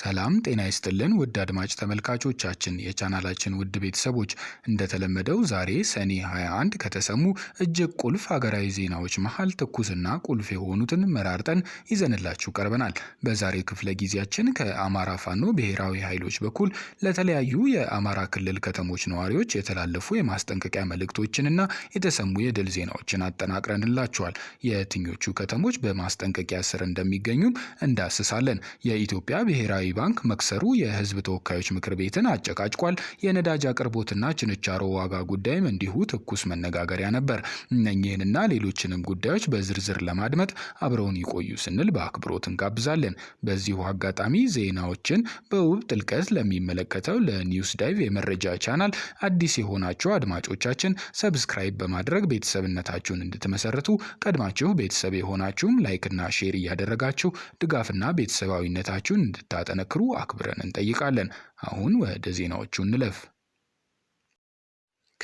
ሰላም ጤና ይስጥልን ውድ አድማጭ ተመልካቾቻችን የቻናላችን ውድ ቤተሰቦች፣ እንደተለመደው ዛሬ ሰኔ 21 ከተሰሙ እጅግ ቁልፍ ሀገራዊ ዜናዎች መሀል ትኩስና ቁልፍ የሆኑትን መራርጠን ይዘንላችሁ ቀርበናል። በዛሬ ክፍለ ጊዜያችን ከአማራ ፋኖ ብሔራዊ ኃይሎች በኩል ለተለያዩ የአማራ ክልል ከተሞች ነዋሪዎች የተላለፉ የማስጠንቀቂያ መልእክቶችንና የተሰሙ የድል ዜናዎችን አጠናቅረንላችኋል። የትኞቹ ከተሞች በማስጠንቀቂያ ስር እንደሚገኙም እንዳስሳለን። የኢትዮጵያ ብሔራዊ ብሔራዊ ባንክ መክሰሩ የህዝብ ተወካዮች ምክር ቤትን አጨቃጭቋል። የነዳጅ አቅርቦትና ችንቻሮ ዋጋ ጉዳይም እንዲሁ ትኩስ መነጋገሪያ ነበር። እነኚህንና ሌሎችንም ጉዳዮች በዝርዝር ለማድመጥ አብረውን ይቆዩ ስንል በአክብሮት እንጋብዛለን። በዚሁ አጋጣሚ ዜናዎችን በውብ ጥልቀት ለሚመለከተው ለኒውስ ዳይቭ የመረጃ ቻናል አዲስ የሆናችሁ አድማጮቻችን ሰብስክራይብ በማድረግ ቤተሰብነታችሁን እንድትመሰርቱ ቀድማችሁ ቤተሰብ የሆናችሁም ላይክና ሼር እያደረጋችሁ ድጋፍና ቤተሰባዊነታችሁን እንድታጠ እንዲያጠነክሩ አክብረን እንጠይቃለን። አሁን ወደ ዜናዎቹ እንለፍ።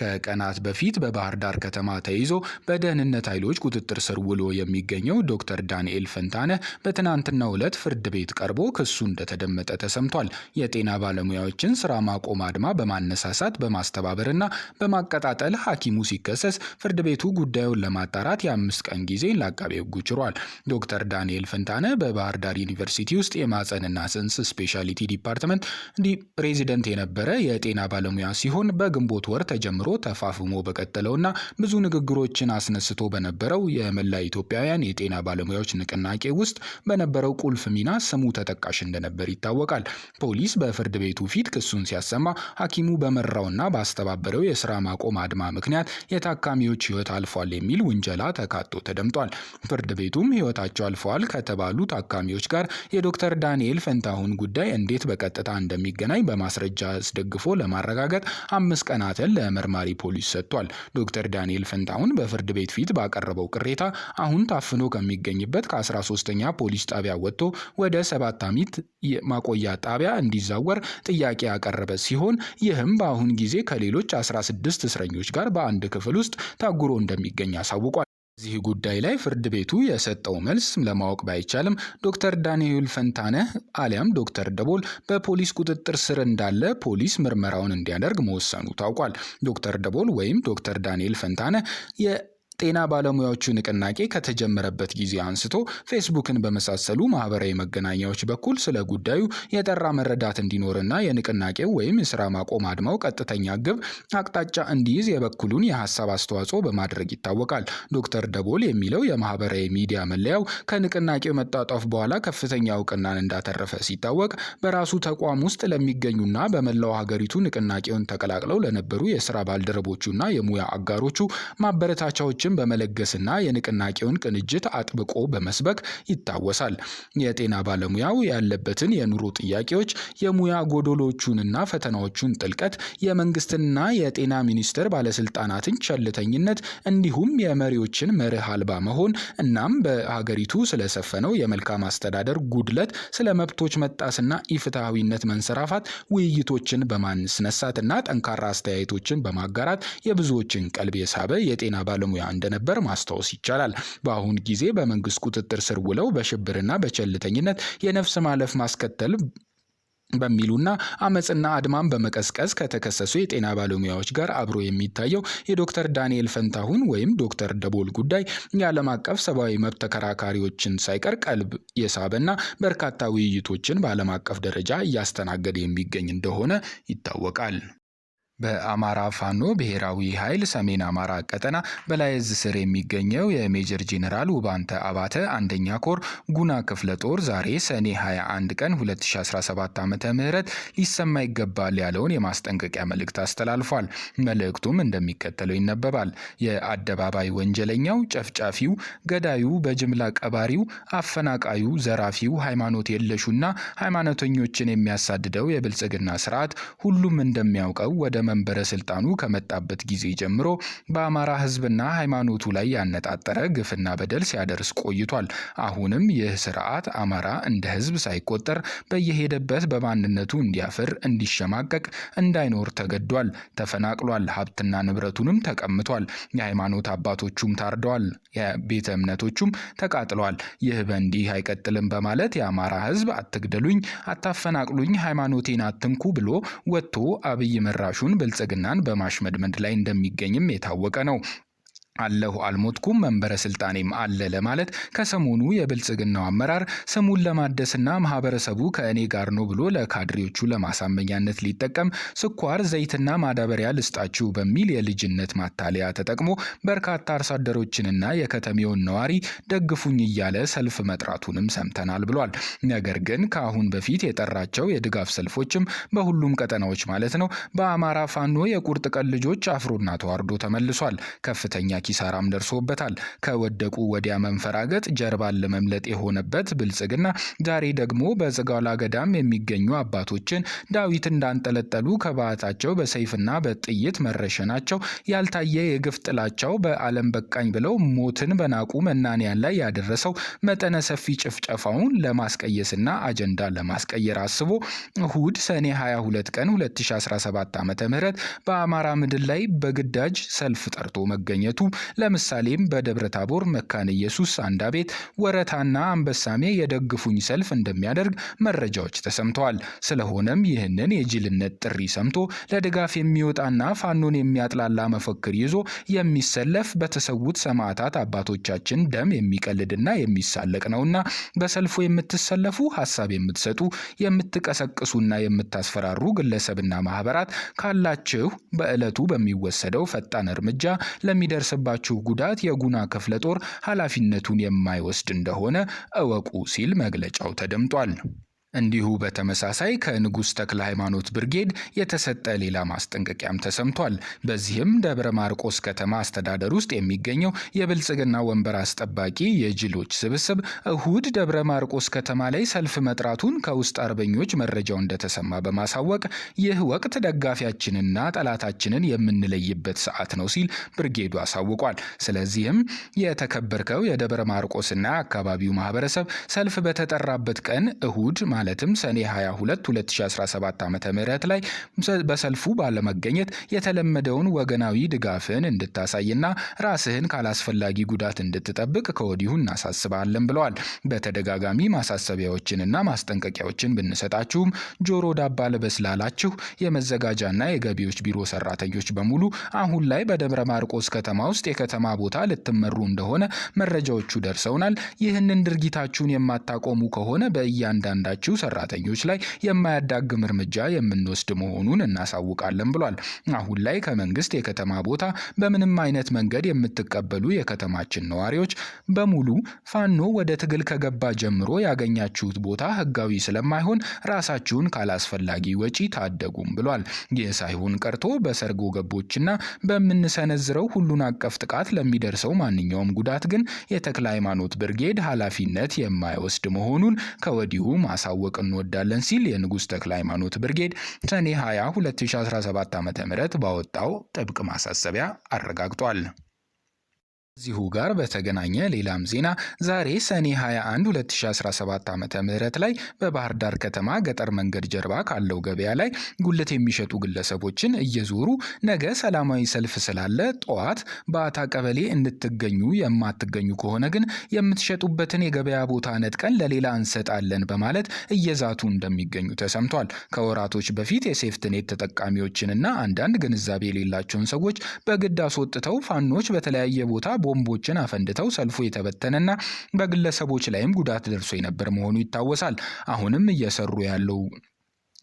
ከቀናት በፊት በባህር ዳር ከተማ ተይዞ በደህንነት ኃይሎች ቁጥጥር ስር ውሎ የሚገኘው ዶክተር ዳንኤል ፈንታነ በትናንትናው ዕለት ፍርድ ቤት ቀርቦ ክሱ እንደተደመጠ ተሰምቷል። የጤና ባለሙያዎችን ስራ ማቆም አድማ በማነሳሳት በማስተባበርና በማቀጣጠል ሐኪሙ ሲከሰስ ፍርድ ቤቱ ጉዳዩን ለማጣራት የአምስት ቀን ጊዜ ለአቃቤ ሕጉ ችሯል። ዶክተር ዳንኤል ፈንታነ በባህር ዳር ዩኒቨርሲቲ ውስጥ የማፀንና ጽንስ ስፔሻሊቲ ዲፓርትመንት ፕሬዚደንት የነበረ የጤና ባለሙያ ሲሆን በግንቦት ወር ተጀምሮ ተፋፍሞ በቀጠለውና ብዙ ንግግሮችን አስነስቶ በነበረው የመላ ኢትዮጵያውያን የጤና ባለሙያዎች ንቅናቄ ውስጥ በነበረው ቁልፍ ሚና ስሙ ተጠቃሽ እንደነበር ይታወቃል። ፖሊስ በፍርድ ቤቱ ፊት ክሱን ሲያሰማ ሐኪሙ በመራውና ባስተባበረው የስራ ማቆም አድማ ምክንያት የታካሚዎች ሕይወት አልፏል የሚል ውንጀላ ተካቶ ተደምጧል። ፍርድ ቤቱም ሕይወታቸው አልፈዋል ከተባሉ ታካሚዎች ጋር የዶክተር ዳንኤል ፈንታሁን ጉዳይ እንዴት በቀጥታ እንደሚገናኝ በማስረጃ አስደግፎ ለማረጋገጥ አምስት ቀናትን ለምርመራ መርማሪ ፖሊስ ሰጥቷል። ዶክተር ዳንኤል ፈንታሁን በፍርድ ቤት ፊት ባቀረበው ቅሬታ አሁን ታፍኖ ከሚገኝበት ከ13ኛ ፖሊስ ጣቢያ ወጥቶ ወደ ሰባት አሚት ማቆያ ጣቢያ እንዲዛወር ጥያቄ ያቀረበ ሲሆን ይህም በአሁን ጊዜ ከሌሎች 16 እስረኞች ጋር በአንድ ክፍል ውስጥ ታጉሮ እንደሚገኝ አሳውቋል። በዚህ ጉዳይ ላይ ፍርድ ቤቱ የሰጠው መልስ ለማወቅ ባይቻልም ዶክተር ዳንኤል ፈንታነህ አሊያም ዶክተር ደቦል በፖሊስ ቁጥጥር ስር እንዳለ ፖሊስ ምርመራውን እንዲያደርግ መወሰኑ ታውቋል። ዶክተር ደቦል ወይም ዶክተር ዳንኤል ፈንታነህ ጤና ባለሙያዎቹ ንቅናቄ ከተጀመረበት ጊዜ አንስቶ ፌስቡክን በመሳሰሉ ማህበራዊ መገናኛዎች በኩል ስለ ጉዳዩ የጠራ መረዳት እንዲኖርና የንቅናቄው ወይም የስራ ማቆም አድማው ቀጥተኛ ግብ አቅጣጫ እንዲይዝ የበኩሉን የሀሳብ አስተዋጽኦ በማድረግ ይታወቃል። ዶክተር ደቦል የሚለው የማህበራዊ ሚዲያ መለያው ከንቅናቄው መጣጣፍ በኋላ ከፍተኛ እውቅናን እንዳተረፈ ሲታወቅ በራሱ ተቋም ውስጥ ለሚገኙና በመላው ሀገሪቱ ንቅናቄውን ተቀላቅለው ለነበሩ የስራ ባልደረቦቹና የሙያ አጋሮቹ ማበረታቻዎችን አገልግሎቶችን በመለገስና የንቅናቄውን ቅንጅት አጥብቆ በመስበክ ይታወሳል። የጤና ባለሙያው ያለበትን የኑሮ ጥያቄዎች፣ የሙያ ጎዶሎቹንና ፈተናዎቹን ጥልቀት፣ የመንግስትና የጤና ሚኒስቴር ባለስልጣናትን ቸልተኝነት እንዲሁም የመሪዎችን መርህ አልባ መሆን እናም በሀገሪቱ ስለሰፈነው የመልካም አስተዳደር ጉድለት፣ ስለ መብቶች መጣስና ኢፍትሐዊነት መንሰራፋት ውይይቶችን በማስነሳትና ጠንካራ አስተያየቶችን በማጋራት የብዙዎችን ቀልብ የሳበ የጤና ባለሙያ እንደነበር ማስታወስ ይቻላል። በአሁን ጊዜ በመንግስት ቁጥጥር ስር ውለው በሽብርና በቸልተኝነት የነፍስ ማለፍ ማስከተል በሚሉና አመፅና አድማን በመቀስቀስ ከተከሰሱ የጤና ባለሙያዎች ጋር አብሮ የሚታየው የዶክተር ዳንኤል ፈንታሁን ወይም ዶክተር ደቦል ጉዳይ የዓለም አቀፍ ሰብአዊ መብት ተከራካሪዎችን ሳይቀር ቀልብ የሳበና በርካታ ውይይቶችን በዓለም አቀፍ ደረጃ እያስተናገደ የሚገኝ እንደሆነ ይታወቃል። በአማራ ፋኖ ብሔራዊ ኃይል ሰሜን አማራ ቀጠና በላይ እዝ ስር የሚገኘው የሜጀር ጄኔራል ውባንተ አባተ አንደኛ ኮር ጉና ክፍለ ጦር ዛሬ ሰኔ 21 ቀን 2017 ዓ ም ሊሰማ ይገባል ያለውን የማስጠንቀቂያ መልእክት አስተላልፏል። መልእክቱም እንደሚከተለው ይነበባል። የአደባባይ ወንጀለኛው፣ ጨፍጫፊው፣ ገዳዩ፣ በጅምላ ቀባሪው፣ አፈናቃዩ፣ ዘራፊው፣ ሃይማኖት የለሹና ሃይማኖተኞችን የሚያሳድደው የብልጽግና ስርዓት ሁሉም እንደሚያውቀው ወደ መንበረ ስልጣኑ ከመጣበት ጊዜ ጀምሮ በአማራ ህዝብና ሃይማኖቱ ላይ ያነጣጠረ ግፍና በደል ሲያደርስ ቆይቷል። አሁንም ይህ ስርዓት አማራ እንደ ህዝብ ሳይቆጠር በየሄደበት በማንነቱ እንዲያፍር፣ እንዲሸማቀቅ፣ እንዳይኖር ተገዷል። ተፈናቅሏል። ሀብትና ንብረቱንም ተቀምቷል። የሃይማኖት አባቶቹም ታርደዋል። የቤተ እምነቶቹም ተቃጥለዋል። ይህ በእንዲህ አይቀጥልም በማለት የአማራ ህዝብ አትግደሉኝ፣ አታፈናቅሉኝ፣ ሃይማኖቴን አትንኩ ብሎ ወጥቶ አብይ መራሹን ብልጽግናን በማሽመድመድ ላይ እንደሚገኝም የታወቀ ነው። አለሁ አልሞትኩም፣ መንበረ ስልጣኔም አለ ለማለት ከሰሞኑ የብልጽግናው አመራር ስሙን ለማደስና ማህበረሰቡ ከእኔ ጋር ነው ብሎ ለካድሬዎቹ ለማሳመኛነት ሊጠቀም ስኳር፣ ዘይትና ማዳበሪያ ልስጣችሁ በሚል የልጅነት ማታለያ ተጠቅሞ በርካታ አርሶ አደሮችንና የከተሜውን ነዋሪ ደግፉኝ እያለ ሰልፍ መጥራቱንም ሰምተናል ብሏል። ነገር ግን ከአሁን በፊት የጠራቸው የድጋፍ ሰልፎችም በሁሉም ቀጠናዎች ማለት ነው በአማራ ፋኖ የቁርጥ ቀን ልጆች አፍሮና ተዋርዶ ተመልሷል። ከፍተኛ ኪሳራም ደርሶበታል። ከወደቁ ወዲያ መንፈራገጥ ጀርባን ለመምለጥ የሆነበት ብልጽግና ዛሬ ደግሞ በዘጋላ ገዳም የሚገኙ አባቶችን ዳዊት እንዳንጠለጠሉ ከባዕታቸው በሰይፍና በጥይት መረሸናቸው ያልታየ የግፍ ጥላቸው በዓለም በቃኝ ብለው ሞትን በናቁ መናንያን ላይ ያደረሰው መጠነ ሰፊ ጭፍጨፋውን ለማስቀየስና አጀንዳ ለማስቀየር አስቦ እሁድ ሰኔ 22 ቀን 2017 ም በአማራ ምድር ላይ በግዳጅ ሰልፍ ጠርቶ መገኘቱ ለምሳሌም በደብረ ታቦር፣ መካነ ኢየሱስ፣ አንዳ ቤት፣ ወረታና አንበሳሜ የደግፉኝ ሰልፍ እንደሚያደርግ መረጃዎች ተሰምተዋል። ስለሆነም ይህንን የጅልነት ጥሪ ሰምቶ ለድጋፍ የሚወጣና ፋኖን የሚያጥላላ መፈክር ይዞ የሚሰለፍ በተሰዉት ሰማዕታት አባቶቻችን ደም የሚቀልድና የሚሳለቅ ነውና በሰልፉ የምትሰለፉ ሀሳብ የምትሰጡ የምትቀሰቅሱና የምታስፈራሩ ግለሰብና ማህበራት ካላችሁ በዕለቱ በሚወሰደው ፈጣን እርምጃ ለሚደርስ ለደረሰባችሁ ጉዳት የጉና ክፍለ ጦር ኃላፊነቱን የማይወስድ እንደሆነ እወቁ ሲል መግለጫው ተደምጧል። እንዲሁ በተመሳሳይ ከንጉሥ ተክለ ሃይማኖት ብርጌድ የተሰጠ ሌላ ማስጠንቀቂያም ተሰምቷል። በዚህም ደብረ ማርቆስ ከተማ አስተዳደር ውስጥ የሚገኘው የብልጽግና ወንበር አስጠባቂ የጅሎች ስብስብ እሁድ ደብረ ማርቆስ ከተማ ላይ ሰልፍ መጥራቱን ከውስጥ አርበኞች መረጃው እንደተሰማ በማሳወቅ ይህ ወቅት ደጋፊያችንና ጠላታችንን የምንለይበት ሰዓት ነው ሲል ብርጌዱ አሳውቋል። ስለዚህም የተከበርከው የደብረ ማርቆስና አካባቢው ማህበረሰብ ሰልፍ በተጠራበት ቀን እሁድ ማለትም ሰኔ 22 2017 ም ላይ በሰልፉ ባለመገኘት የተለመደውን ወገናዊ ድጋፍን እንድታሳይና ራስህን ካላስፈላጊ ጉዳት እንድትጠብቅ ከወዲሁ እናሳስባለን ብለዋል። በተደጋጋሚ ማሳሰቢያዎችንና ማስጠንቀቂያዎችን ብንሰጣችሁም ጆሮ ዳባ ልበስ ላላችሁ የመዘጋጃና የገቢዎች ቢሮ ሰራተኞች በሙሉ አሁን ላይ በደብረ ማርቆስ ከተማ ውስጥ የከተማ ቦታ ልትመሩ እንደሆነ መረጃዎቹ ደርሰውናል። ይህንን ድርጊታችሁን የማታቆሙ ከሆነ በእያንዳንዳችሁ በሚሹ ሰራተኞች ላይ የማያዳግም እርምጃ የምንወስድ መሆኑን እናሳውቃለን ብሏል። አሁን ላይ ከመንግስት የከተማ ቦታ በምንም አይነት መንገድ የምትቀበሉ የከተማችን ነዋሪዎች በሙሉ ፋኖ ወደ ትግል ከገባ ጀምሮ ያገኛችሁት ቦታ ህጋዊ ስለማይሆን ራሳችሁን ካላስፈላጊ ወጪ ታደጉም ብሏል። ይህ ሳይሆን ቀርቶ በሰርጎ ገቦችና በምንሰነዝረው ሁሉን አቀፍ ጥቃት ለሚደርሰው ማንኛውም ጉዳት ግን የተክለ ሃይማኖት ብርጌድ ኃላፊነት የማይወስድ መሆኑን ከወዲሁ ማሳወቅ ማሳወቅ እንወዳለን ሲል የንጉሥ ተክለ ሃይማኖት ብርጌድ ሰኔ 20 2017 ዓ.ም ባወጣው ጥብቅ ማሳሰቢያ አረጋግጧል። ከዚሁ ጋር በተገናኘ ሌላም ዜና ዛሬ ሰኔ 21 2017 ም ላይ በባህር ዳር ከተማ ገጠር መንገድ ጀርባ ካለው ገበያ ላይ ጉልት የሚሸጡ ግለሰቦችን እየዞሩ ነገ ሰላማዊ ሰልፍ ስላለ ጠዋት በአታ ቀበሌ እንድትገኙ የማትገኙ ከሆነ ግን የምትሸጡበትን የገበያ ቦታ ነጥቀን ለሌላ እንሰጣለን በማለት እየዛቱ እንደሚገኙ ተሰምቷል። ከወራቶች በፊት የሴፍትኔት ተጠቃሚዎችንና አንዳንድ ግንዛቤ የሌላቸውን ሰዎች በግድ አስወጥተው ፋኖች በተለያየ ቦታ ቦምቦችን አፈንድተው ሰልፉ የተበተነና በግለሰቦች ላይም ጉዳት ደርሶ የነበር መሆኑ ይታወሳል። አሁንም እየሰሩ ያለው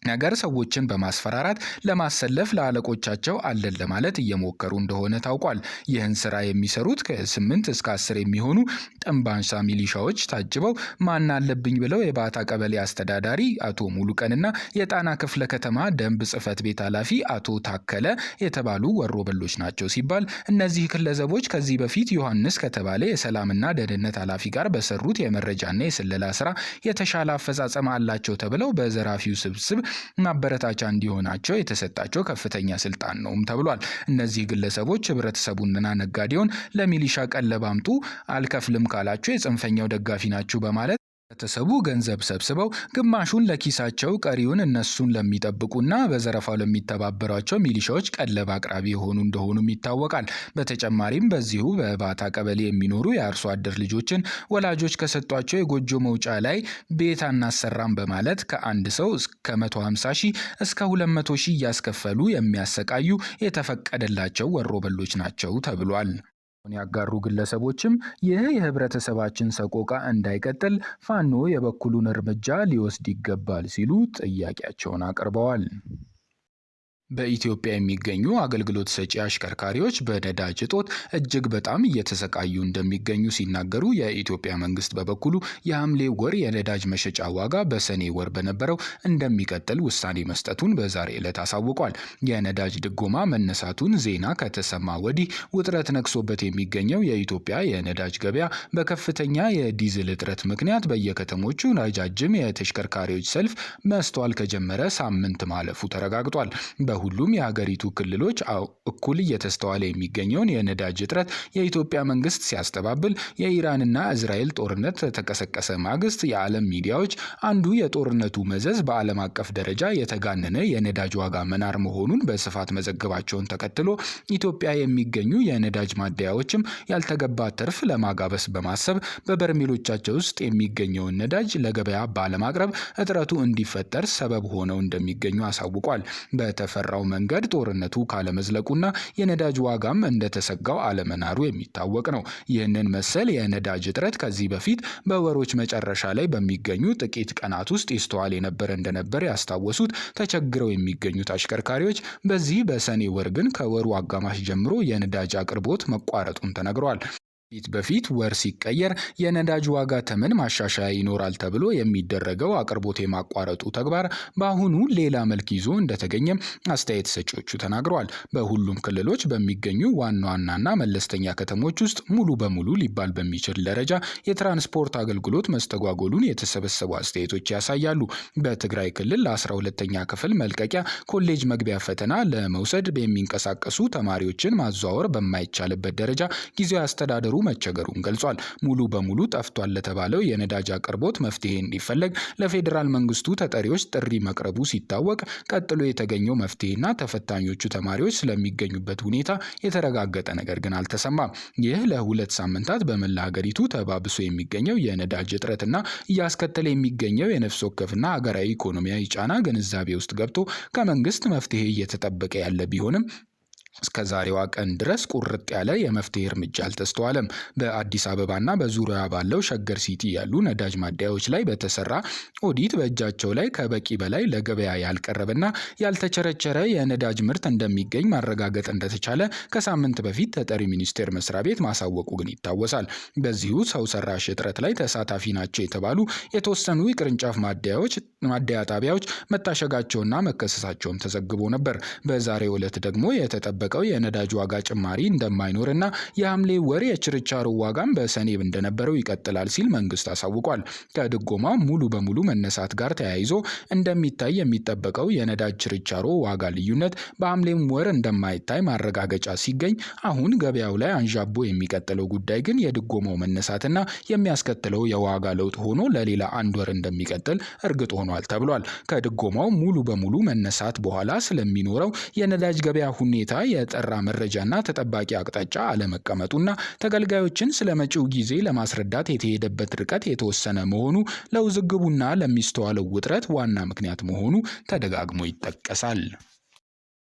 ነገር ሰዎችን በማስፈራራት ለማሰለፍ ለአለቆቻቸው አለን ለማለት እየሞከሩ እንደሆነ ታውቋል። ይህን ስራ የሚሰሩት ከስምንት እስከ አስር የሚሆኑ ጥንባንሳ ሚሊሻዎች ታጅበው ማን አለብኝ ብለው የባታ ቀበሌ አስተዳዳሪ አቶ ሙሉቀንና የጣና ክፍለ ከተማ ደንብ ጽህፈት ቤት ኃላፊ አቶ ታከለ የተባሉ ወሮ በሎች ናቸው ሲባል እነዚህ ግለሰቦች ከዚህ በፊት ዮሐንስ ከተባለ የሰላምና ደህንነት ኃላፊ ጋር በሰሩት የመረጃና የስለላ ስራ የተሻለ አፈጻጸም አላቸው ተብለው በዘራፊው ስብስብ ማበረታቻ እንዲሆናቸው የተሰጣቸው ከፍተኛ ስልጣን ነውም ተብሏል። እነዚህ ግለሰቦች ህብረተሰቡንና ነጋዴውን ለሚሊሻ ቀለብ አምጡ አልከፍልም ካላቸው የጽንፈኛው ደጋፊ ናችሁ በማለት ቤተሰቡ ገንዘብ ሰብስበው ግማሹን ለኪሳቸው ቀሪውን እነሱን ለሚጠብቁና በዘረፋው ለሚተባበሯቸው ሚሊሻዎች ቀለብ አቅራቢ የሆኑ እንደሆኑም ይታወቃል። በተጨማሪም በዚሁ በባታ ቀበሌ የሚኖሩ የአርሶ አደር ልጆችን ወላጆች ከሰጧቸው የጎጆ መውጫ ላይ ቤት አናሰራም በማለት ከአንድ ሰው እስከ 150 ሺህ እስከ 200 ሺህ እያስከፈሉ የሚያሰቃዩ የተፈቀደላቸው ወሮበሎች ናቸው ተብሏል። ያጋሩ ግለሰቦችም ይህ የህብረተሰባችን ሰቆቃ እንዳይቀጥል ፋኖ የበኩሉን እርምጃ ሊወስድ ይገባል ሲሉ ጥያቄያቸውን አቅርበዋል። በኢትዮጵያ የሚገኙ አገልግሎት ሰጪ አሽከርካሪዎች በነዳጅ እጦት እጅግ በጣም እየተሰቃዩ እንደሚገኙ ሲናገሩ የኢትዮጵያ መንግስት በበኩሉ የሐምሌ ወር የነዳጅ መሸጫ ዋጋ በሰኔ ወር በነበረው እንደሚቀጥል ውሳኔ መስጠቱን በዛሬ ዕለት አሳውቋል። የነዳጅ ድጎማ መነሳቱን ዜና ከተሰማ ወዲህ ውጥረት ነግሶበት የሚገኘው የኢትዮጵያ የነዳጅ ገበያ በከፍተኛ የዲዝል እጥረት ምክንያት በየከተሞቹ ረጃጅም የተሽከርካሪዎች ሰልፍ መስተዋል ከጀመረ ሳምንት ማለፉ ተረጋግጧል። በሁሉም የሀገሪቱ ክልሎች እኩል እየተስተዋለ የሚገኘውን የነዳጅ እጥረት የኢትዮጵያ መንግስት ሲያስተባብል የኢራንና እስራኤል ጦርነት ተቀሰቀሰ ማግስት የዓለም ሚዲያዎች አንዱ የጦርነቱ መዘዝ በዓለም አቀፍ ደረጃ የተጋነነ የነዳጅ ዋጋ መናር መሆኑን በስፋት መዘገባቸውን ተከትሎ ኢትዮጵያ የሚገኙ የነዳጅ ማደያዎችም ያልተገባ ትርፍ ለማጋበስ በማሰብ በበርሜሎቻቸው ውስጥ የሚገኘውን ነዳጅ ለገበያ ባለማቅረብ እጥረቱ እንዲፈጠር ሰበብ ሆነው እንደሚገኙ አሳውቋል። በተፈ በተሰራው መንገድ ጦርነቱ ካለመዝለቁና የነዳጅ ዋጋም እንደተሰጋው አለመናሩ የሚታወቅ ነው። ይህንን መሰል የነዳጅ እጥረት ከዚህ በፊት በወሮች መጨረሻ ላይ በሚገኙ ጥቂት ቀናት ውስጥ ይስተዋል የነበረ እንደነበር ያስታወሱት ተቸግረው የሚገኙት አሽከርካሪዎች በዚህ በሰኔ ወር ግን ከወሩ አጋማሽ ጀምሮ የነዳጅ አቅርቦት መቋረጡን ተነግረዋል። ፊት በፊት ወር ሲቀየር የነዳጅ ዋጋ ተመን ማሻሻያ ይኖራል ተብሎ የሚደረገው አቅርቦት የማቋረጡ ተግባር በአሁኑ ሌላ መልክ ይዞ እንደተገኘ አስተያየት ሰጪዎቹ ተናግረዋል። በሁሉም ክልሎች በሚገኙ ዋና ዋናና መለስተኛ ከተሞች ውስጥ ሙሉ በሙሉ ሊባል በሚችል ደረጃ የትራንስፖርት አገልግሎት መስተጓጎሉን የተሰበሰቡ አስተያየቶች ያሳያሉ። በትግራይ ክልል ለአስራ ሁለተኛ ክፍል መልቀቂያ ኮሌጅ መግቢያ ፈተና ለመውሰድ የሚንቀሳቀሱ ተማሪዎችን ማዘዋወር በማይቻልበት ደረጃ ጊዜያዊ አስተዳደሩ መቸገሩን ገልጿል። ሙሉ በሙሉ ጠፍቷል ለተባለው የነዳጅ አቅርቦት መፍትሄ እንዲፈለግ ለፌዴራል መንግስቱ ተጠሪዎች ጥሪ መቅረቡ ሲታወቅ ቀጥሎ የተገኘው መፍትሄና ተፈታኞቹ ተማሪዎች ስለሚገኙበት ሁኔታ የተረጋገጠ ነገር ግን አልተሰማም። ይህ ለሁለት ሳምንታት በመላ ሀገሪቱ ተባብሶ የሚገኘው የነዳጅ እጥረትና እያስከተለ የሚገኘው የነፍስ ወከፍና ሀገራዊ ኢኮኖሚያዊ ጫና ግንዛቤ ውስጥ ገብቶ ከመንግስት መፍትሄ እየተጠበቀ ያለ ቢሆንም እስከ ዛሬዋ ቀን ድረስ ቁርጥ ያለ የመፍትሄ እርምጃ አልተስተዋለም። በአዲስ አበባና በዙሪያ ባለው ሸገር ሲቲ ያሉ ነዳጅ ማደያዎች ላይ በተሰራ ኦዲት በእጃቸው ላይ ከበቂ በላይ ለገበያ ያልቀረበና ያልተቸረቸረ የነዳጅ ምርት እንደሚገኝ ማረጋገጥ እንደተቻለ ከሳምንት በፊት ተጠሪ ሚኒስቴር መስሪያ ቤት ማሳወቁ ግን ይታወሳል። በዚሁ ሰው ሰራሽ እጥረት ላይ ተሳታፊ ናቸው የተባሉ የተወሰኑ የቅርንጫፍ ማደያዎች ማደያ ጣቢያዎች መታሸጋቸውና መከሰሳቸውም ተዘግቦ ነበር። በዛሬው ዕለት ደግሞ የተጠበቀ የሚጠበቀው የነዳጅ ዋጋ ጭማሪ እንደማይኖር እና የሐምሌ ወር የችርቻሮ ዋጋም በሰኔ እንደነበረው ይቀጥላል ሲል መንግስት አሳውቋል። ከድጎማ ሙሉ በሙሉ መነሳት ጋር ተያይዞ እንደሚታይ የሚጠበቀው የነዳጅ ችርቻሮ ዋጋ ልዩነት በሐምሌም ወር እንደማይታይ ማረጋገጫ ሲገኝ፣ አሁን ገበያው ላይ አንዣቦ የሚቀጥለው ጉዳይ ግን የድጎማው መነሳትና የሚያስከትለው የዋጋ ለውጥ ሆኖ ለሌላ አንድ ወር እንደሚቀጥል እርግጥ ሆኗል ተብሏል። ከድጎማው ሙሉ በሙሉ መነሳት በኋላ ስለሚኖረው የነዳጅ ገበያ ሁኔታ የጠራ መረጃና ተጠባቂ አቅጣጫ አለመቀመጡና ተገልጋዮችን ስለ መጪው ጊዜ ለማስረዳት የተሄደበት ርቀት የተወሰነ መሆኑ ለውዝግቡና ለሚስተዋለው ውጥረት ዋና ምክንያት መሆኑ ተደጋግሞ ይጠቀሳል።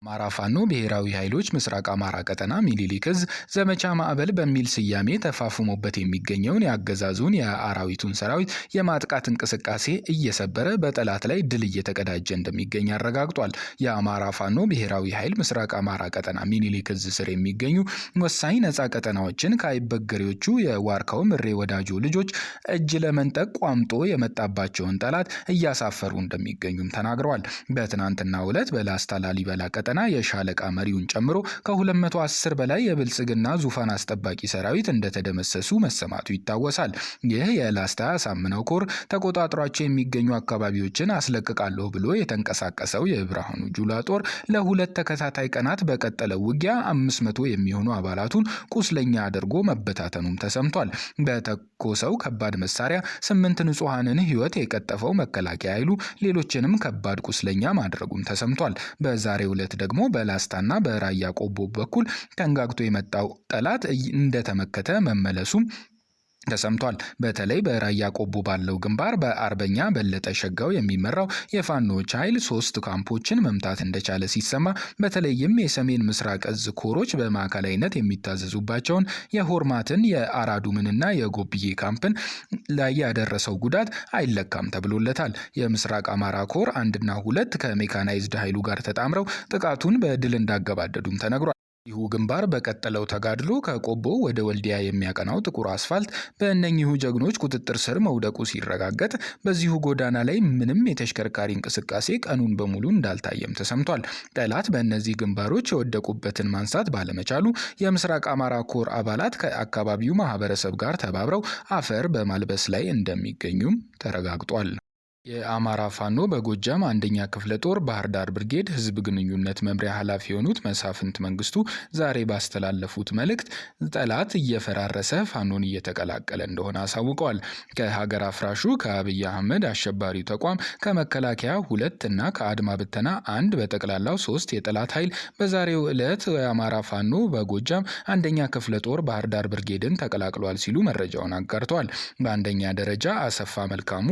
አማራ ፋኖ ብሔራዊ ኃይሎች ምስራቅ አማራ ቀጠና ሚኒሊክ ዘመቻ ማዕበል በሚል ስያሜ ተፋፍሞበት የሚገኘውን የአገዛዙን የአራዊቱን ሰራዊት የማጥቃት እንቅስቃሴ እየሰበረ በጠላት ላይ ድል እየተቀዳጀ እንደሚገኝ አረጋግጧል። የአማራ ፋኖ ብሔራዊ ኃይል ምስራቅ አማራ ቀጠና ሚኒሊክ ስር የሚገኙ ወሳኝ ነፃ ቀጠናዎችን ከአይበገሬዎቹ የዋርካው ምሬ ወዳጆ ልጆች እጅ ለመንጠቅ ቋምጦ የመጣባቸውን ጠላት እያሳፈሩ እንደሚገኙም ተናግረዋል። በትናንትናው ዕለት በላስታ ላሊበላ ቀጠና ቀጠና የሻለቃ መሪውን ጨምሮ ከ210 በላይ የብልጽግና ዙፋን አስጠባቂ ሰራዊት እንደተደመሰሱ መሰማቱ ይታወሳል። ይህ የላስታ ሳምነው ኮር ተቆጣጥሯቸው የሚገኙ አካባቢዎችን አስለቅቃለሁ ብሎ የተንቀሳቀሰው የብርሃኑ ጁላ ጦር ለሁለት ተከታታይ ቀናት በቀጠለው ውጊያ 500 የሚሆኑ አባላቱን ቁስለኛ አድርጎ መበታተኑም ተሰምቷል። በተኮሰው ከባድ መሳሪያ ስምንት ንጹሐንን ሕይወት የቀጠፈው መከላከያ ኃይሉ ሌሎችንም ከባድ ቁስለኛ ማድረጉም ተሰምቷል። በዛሬው ዕለት ደግሞ በላስታና በራያ ቆቦ በኩል ተንጋግቶ የመጣው ጠላት እንደተመከተ መመለሱም ተሰምቷል። በተለይ በራያ ቆቦ ባለው ግንባር በአርበኛ በለጠ ሸጋው የሚመራው የፋኖች ኃይል ሶስት ካምፖችን መምታት እንደቻለ ሲሰማ በተለይም የሰሜን ምስራቅ እዝ ኮሮች በማዕከላዊነት የሚታዘዙባቸውን የሆርማትን፣ የአራዱምንና የጎብዬ ካምፕን ላይ ያደረሰው ጉዳት አይለካም ተብሎለታል። የምስራቅ አማራ ኮር አንድና ሁለት ከሜካናይዝድ ኃይሉ ጋር ተጣምረው ጥቃቱን በድል እንዳገባደዱም ተነግሯል። ይሁ ግንባር በቀጠለው ተጋድሎ ከቆቦ ወደ ወልዲያ የሚያቀናው ጥቁር አስፋልት በእነኚሁ ጀግኖች ቁጥጥር ስር መውደቁ ሲረጋገጥ በዚሁ ጎዳና ላይ ምንም የተሽከርካሪ እንቅስቃሴ ቀኑን በሙሉ እንዳልታየም ተሰምቷል። ጠላት በእነዚህ ግንባሮች የወደቁበትን ማንሳት ባለመቻሉ የምስራቅ አማራ ኮር አባላት ከአካባቢው ማህበረሰብ ጋር ተባብረው አፈር በማልበስ ላይ እንደሚገኙም ተረጋግጧል። የአማራ ፋኖ በጎጃም አንደኛ ክፍለ ጦር ባህር ዳር ብርጌድ ህዝብ ግንኙነት መምሪያ ኃላፊ የሆኑት መሳፍንት መንግስቱ ዛሬ ባስተላለፉት መልእክት ጠላት እየፈራረሰ ፋኖን እየተቀላቀለ እንደሆነ አሳውቀዋል። ከሀገር አፍራሹ ከአብይ አህመድ አሸባሪው ተቋም ከመከላከያ ሁለት እና ከአድማ ብተና አንድ በጠቅላላው ሶስት የጠላት ኃይል በዛሬው ዕለት የአማራ ፋኖ በጎጃም አንደኛ ክፍለ ጦር ባህር ዳር ብርጌድን ተቀላቅሏል ሲሉ መረጃውን አጋርተዋል። በአንደኛ ደረጃ አሰፋ መልካሙ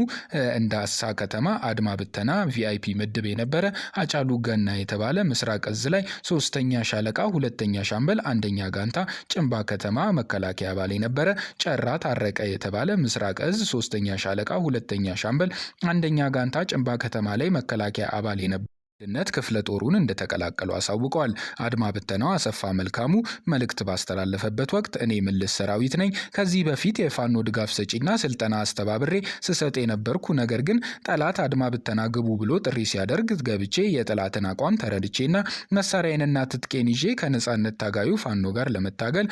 እንዳ በላቅሳ ከተማ አድማ ብተና ቪአይፒ ምድብ የነበረ አጫሉ ገና የተባለ ምስራቅ እዝ ላይ ሶስተኛ ሻለቃ ሁለተኛ ሻምበል አንደኛ ጋንታ ጭንባ ከተማ መከላከያ አባል የነበረ ጨራ ታረቀ የተባለ ምስራቅ እዝ ሶስተኛ ሻለቃ ሁለተኛ ሻምበል አንደኛ ጋንታ ጭንባ ከተማ ላይ መከላከያ አባል የነበረ ድነት ክፍለ ጦሩን እንደተቀላቀሉ አሳውቀዋል። አድማ ብተናው አሰፋ መልካሙ መልእክት ባስተላለፈበት ወቅት እኔ ምልስ ሰራዊት ነኝ። ከዚህ በፊት የፋኖ ድጋፍ ሰጪና ስልጠና አስተባብሬ ስሰጥ የነበርኩ ነገር ግን ጠላት አድማ ብተና ግቡ ብሎ ጥሪ ሲያደርግ ገብቼ የጠላትን አቋም ተረድቼና መሳሪያዬንና ትጥቄን ይዤ ከነጻነት ታጋዩ ፋኖ ጋር ለመታገል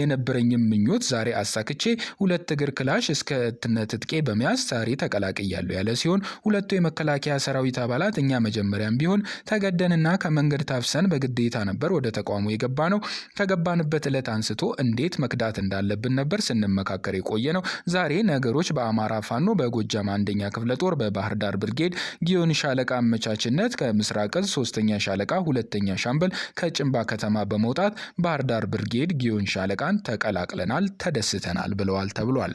የነበረኝም ምኞት ዛሬ አሳክቼ ሁለት እግር ክላሽ እስከ ትነ ትጥቄ በመያዝ ዛሬ ተቀላቅያለሁ ያለ ሲሆን ሁለቱ የመከላከያ ሰራዊት አባላት እኛ መጀመሪያም ቢሆን ተገደንና ከመንገድ ታፍሰን በግዴታ ነበር ወደ ተቋሙ የገባ ነው። ከገባንበት ዕለት አንስቶ እንዴት መክዳት እንዳለብን ነበር ስንመካከር የቆየ ነው። ዛሬ ነገሮች በአማራ ፋኖ በጎጃም አንደኛ ክፍለ ጦር በባህር ዳር ብርጌድ ጊዮን ሻለቃ አመቻችነት ከምስራቅ እዝ ሶስተኛ ሻለቃ ሁለተኛ ሻምበል ከጭንባ ከተማ በመውጣት ባህር ዳር ብርጌድ ጊዮን ሻለቃን ተቀላቅለናል፣ ተደስተናል ብለዋል ተብሏል።